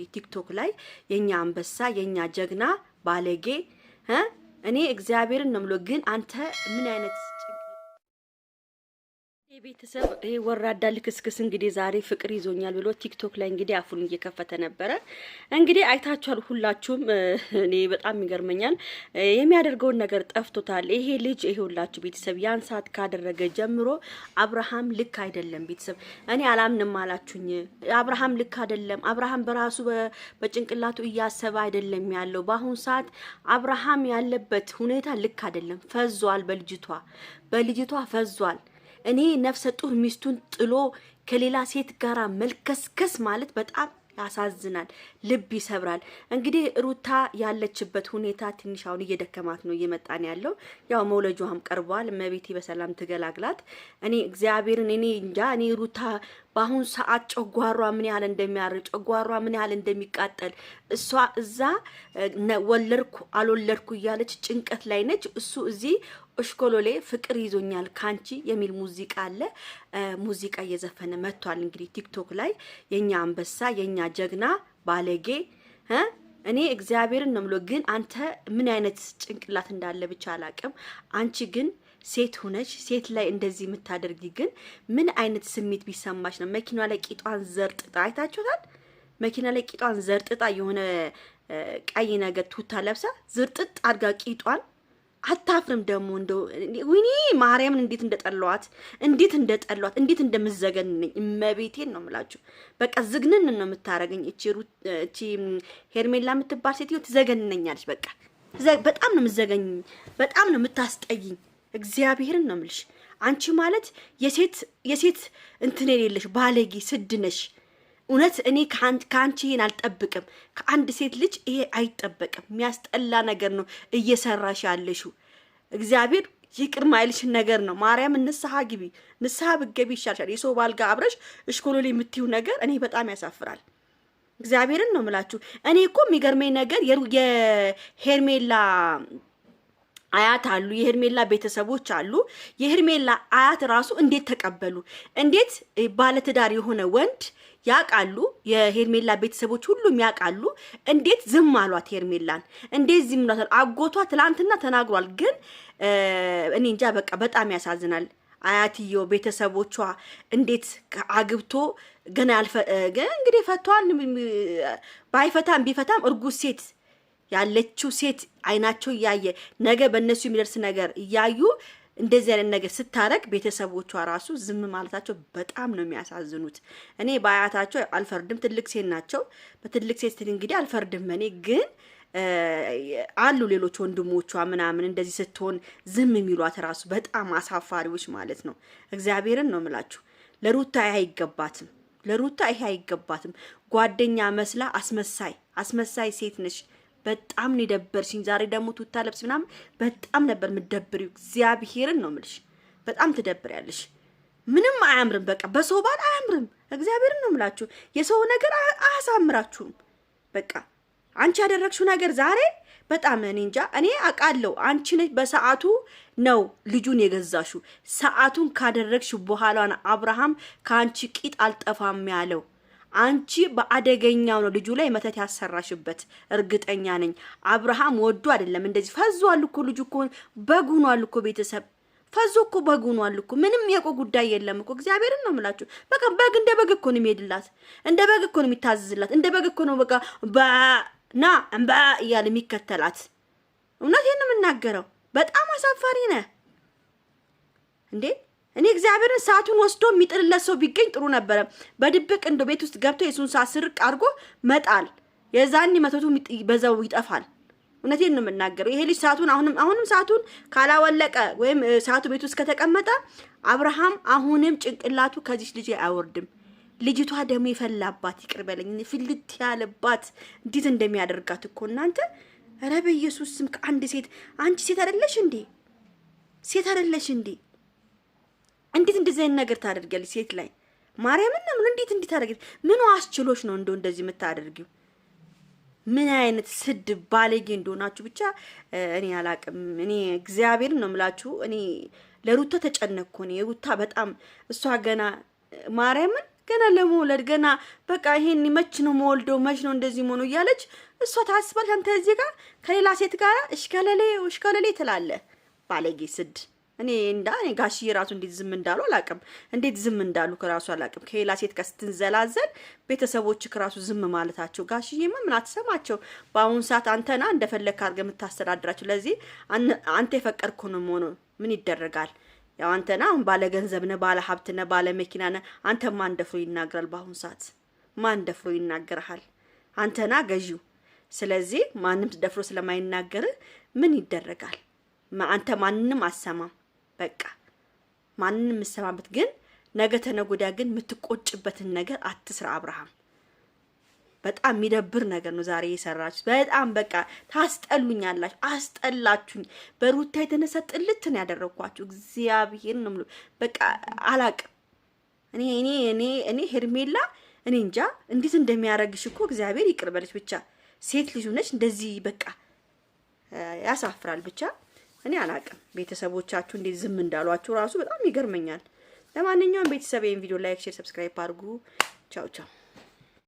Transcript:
ቲክቶክ ላይ የኛ አንበሳ የኛ ጀግና ባለጌ እኔ እግዚአብሔርን ነው ምሎ ግን አንተ ምን አይነት ቤተሰብ ይሄ ወራዳ ልክስክስ እንግዲህ ዛሬ ፍቅር ይዞኛል ብሎ ቲክቶክ ላይ እንግዲህ አፉን እየከፈተ ነበረ። እንግዲህ አይታችኋል ሁላችሁም። እኔ በጣም ይገርመኛል የሚያደርገውን ነገር ጠፍቶታል ይሄ ልጅ። ይሄ ሁላችሁ ቤተሰብ ያን ሰዓት ካደረገ ጀምሮ አብርሃም ልክ አይደለም ቤተሰብ። እኔ አላምንም አላችሁኝ። አብርሃም ልክ አይደለም። አብርሃም በራሱ በጭንቅላቱ እያሰበ አይደለም ያለው። በአሁኑ ሰዓት አብርሃም ያለበት ሁኔታ ልክ አይደለም። ፈዟል፣ በልጅቷ በልጅቷ ፈዟል። እኔ ነፍሰ ጡር ሚስቱን ጥሎ ከሌላ ሴት ጋር መልከስከስ ማለት በጣም ያሳዝናል፣ ልብ ይሰብራል። እንግዲህ ሩታ ያለችበት ሁኔታ ትንሽ አሁን እየደከማት ነው እየመጣን ያለው ያው መውለጇም ቀርቧል። እመቤቴ በሰላም ትገላግላት። እኔ እግዚአብሔርን እኔ እንጃ እኔ ሩታ በአሁን ሰዓት ጨጓሯ ምን ያህል እንደሚያር ጨጓሯ ምን ያህል እንደሚቃጠል እሷ እዛ ወለድኩ አልወለድኩ እያለች ጭንቀት ላይ ነች። እሱ እዚህ እሽኮሎሌ ፍቅር ይዞኛል ካንቺ የሚል ሙዚቃ አለ። ሙዚቃ እየዘፈነ መጥቷል። እንግዲህ ቲክቶክ ላይ የኛ አንበሳ፣ የኛ ጀግና ባለጌ እኔ እግዚአብሔርን ነው ምሎ ግን አንተ ምን አይነት ጭንቅላት እንዳለ ብቻ አላቅም። አንቺ ግን ሴት ሆነች ሴት ላይ እንደዚህ የምታደርጊ ግን ምን አይነት ስሜት ቢሰማች ነው? መኪና ላይ ቂጧን ዘርጥጣ አይታችሁታል። መኪና ላይ ቂጧን ዘርጥጣ የሆነ ቀይ ነገር ቱታ ለብሳ ዝርጥጥ አድጋ ቂጧን አታፍርም ደግሞ እንደው ወይኔ ማርያምን እንዴት እንደጠሏት እንዴት እንደጠሏት እንዴት እንደምዘገንነኝ እመቤቴን ነው የምላችሁ። በቃ ዝግንን ነው የምታረገኝ እቺ ሄርሜላ የምትባል ሴትዮ ትዘገንነኛለች። በቃ በጣም ነው የምዘገኝ፣ በጣም ነው የምታስጠይኝ። እግዚአብሔርን ነው የምልሽ አንቺ ማለት የሴት የሴት እንትን የሌለሽ ባለጌ ስድ ነሽ። እውነት እኔ ከአንቺ ይሄን አልጠብቅም። ከአንድ ሴት ልጅ ይሄ አይጠበቅም። የሚያስጠላ ነገር ነው እየሰራሽ ያለሽው። እግዚአብሔር ይቅር ማይልሽን ነገር ነው። ማርያም ንስሐ ግቢ፣ ንስሐ ብገቢ ይሻልሻል። የሰው ባልጋ ጋር አብረሽ እሽኮሎሌ የምትይው ነገር እኔ በጣም ያሳፍራል። እግዚአብሔርን ነው ምላችሁ። እኔ እኮ የሚገርመኝ ነገር የሄርሜላ አያት አሉ፣ የሄርሜላ ቤተሰቦች አሉ። የሄርሜላ አያት ራሱ እንዴት ተቀበሉ? እንዴት ባለትዳር የሆነ ወንድ ያውቃሉ። የሄርሜላ ቤተሰቦች ሁሉም ያውቃሉ። እንዴት ዝም አሏት? ሄርሜላን እንዴት ዝም አሏት? አጎቷ ትላንትና ተናግሯል። ግን እኔ እንጃ በቃ በጣም ያሳዝናል። አያትየው ቤተሰቦቿ እንዴት አግብቶ ገና እንግዲህ ፈቷን ባይፈታም ቢፈታም እርጉዝ ሴት ያለችው ሴት አይናቸው እያየ ነገ በእነሱ የሚደርስ ነገር እያዩ እንደዚህ አይነት ነገር ስታረግ ቤተሰቦቿ ራሱ ዝም ማለታቸው በጣም ነው የሚያሳዝኑት። እኔ በአያታቸው አልፈርድም፣ ትልቅ ሴት ናቸው። በትልቅ ሴት እንግዲህ አልፈርድም። እኔ ግን አሉ ሌሎች ወንድሞቿ ምናምን እንደዚህ ስትሆን ዝም የሚሏት ራሱ በጣም አሳፋሪዎች ማለት ነው። እግዚአብሔርን ነው ምላችሁ። ለሩታ ይሄ አይገባትም። ለሩታ ይሄ አይገባትም። ጓደኛ መስላ አስመሳይ አስመሳይ ሴት ነሽ። በጣም ነው የደበርሽኝ። ዛሬ ደግሞ ቱታ ለብስ ምናምን በጣም ነበር የምትደብሪው። እግዚአብሔርን ነው የምልሽ፣ በጣም ትደብሪያለሽ። ምንም አያምርም። በቃ በሰው ባል አያምርም። እግዚአብሔርን ነው የምላችሁ። የሰው ነገር አያሳምራችሁም። በቃ አንቺ ያደረግሽው ነገር ዛሬ በጣም እኔ እንጃ። እኔ አውቃለሁ አንቺ ነች በሰዓቱ ነው ልጁን የገዛሹ። ሰዓቱን ካደረግሽ በኋላ አብርሃም ከአንቺ ቂጥ አልጠፋም ያለው አንቺ በአደገኛው ነው ልጁ ላይ መተት ያሰራሽበት፣ እርግጠኛ ነኝ። አብርሃም ወዶ አይደለም እንደዚህ ፈዞ አሉ እኮ ልጁ እኮ በጉ ነው እኮ ቤተሰብ ፈዞ እኮ በግ ሆኗል እኮ ምንም የቆ ጉዳይ የለም እኮ እግዚአብሔርን ነው የምላችሁ። በቃ በግ እንደ በግ እኮ ነው የሚሄድላት፣ እንደ በግ እኮ ነው የሚታዘዝላት፣ እንደ በግ እኮ ነው በቃ በና እንበ እያለ የሚከተላት። እውነት ይህን የምናገረው በጣም አሳፋሪ ነህ እንዴ! እኔ እግዚአብሔርን ሰዓቱን ወስዶ የሚጥልለት ሰው ቢገኝ ጥሩ ነበረ። በድብቅ እንደ ቤት ውስጥ ገብቶ የሱን ሰዓት ስርቅ አድርጎ መጣል፣ የዛኔ መተቱ በዛው ይጠፋል። እውነቴን ነው የምናገረው። ይሄ ልጅ ሰዓቱን አሁንም አሁንም ሰዓቱን ካላወለቀ ወይም ሰዓቱ ቤት ውስጥ ከተቀመጠ አብርሃም አሁንም ጭንቅላቱ ከዚች ልጅ አይወርድም። ልጅቷ ደግሞ የፈላባት ይቅር በለኝ ፍልት ያለባት እንዴት እንደሚያደርጋት እኮ እናንተ። ኧረ በኢየሱስ ስም ከአንድ ሴት አንቺ ሴት አይደለሽ እንዴ? ሴት አይደለሽ እንዴ? እንዴት እንደዚህ አይነት ነገር ታደርጊያለሽ ሴት ላይ ማርያምን ነው ምን እንዴት እንዴት ታደርጊያለሽ? ምን አስችሎሽ ነው እንደው እንደዚህ የምታደርጊው? ምን አይነት ስድ ባለጌ እንደሆናችሁ ብቻ እኔ አላቅም። እኔ እግዚአብሔርን ነው የምላችሁ። እኔ ለሩታ ተጨነቅኩ። እኔ ሩታ በጣም እሷ ገና ማርያምን ገና ለመውለድ ገና በቃ ይሄን መች ነው መወልደው መች ነው እንደዚህ መሆኑ እያለች እሷ ታስባለች። አንተ እዚህ ጋር ከሌላ ሴት ጋር እሽከለሌ እሽከለሌ ትላለህ። ባለጌ ስድ እኔ እንዳ እኔ ጋሽዬ ራሱ እንዴት ዝም እንዳሉ አላቅም እንዴት ዝም እንዳሉ ከራሱ አላውቅም። ከሌላ ሴት ጋር ስትንዘላዘል ቤተሰቦች ከራሱ ዝም ማለታቸው ጋሽዬማ ምን አትሰማቸው። በአሁኑ ሰዓት አንተና እንደፈለግህ አድርገ የምታስተዳድራቸው። ለዚህ አንተ የፈቀድክ ነው መሆኑ ምን ይደረጋል። ያው አንተና አሁን ባለ ገንዘብ ነ፣ ባለ ሀብት ነ፣ ባለ መኪና ነ። አንተ ማን ደፍሮ ይናገራል? በአሁኑ ሰዓት ማን ደፍሮ ይናገርሃል? አንተና ገዢው። ስለዚህ ማንም ደፍሮ ስለማይናገር ምን ይደረጋል? አንተ ማንንም አሰማም። በቃ ማንን የምሰማበት ግን ነገ ተነጎዳ ግን የምትቆጭበትን ነገር አትስራ አብርሃም። በጣም የሚደብር ነገር ነው ዛሬ የሰራች በጣም በቃ ታስጠሉኛላችሁ፣ አስጠላችሁኝ። በሩታ የተነሳ ጥልትን ያደረግኳችሁ። እግዚአብሔር ነው በቃ አላቅም። እኔ እኔ እኔ እኔ ሄርሜላ እኔ እንጃ እንዴት እንደሚያደርግሽ እኮ እግዚአብሔር ይቅር በለች። ብቻ ሴት ልጅ ሆነች እንደዚህ በቃ ያሳፍራል ብቻ እኔ አላቅም ቤተሰቦቻችሁ እንዴት ዝም እንዳሏችሁ ራሱ በጣም ይገርመኛል። ለማንኛውም ቤተሰብ ይህን ቪዲዮ ላይክ፣ ሼር፣ ሰብስክራይብ አድርጉ። ቻው ቻው።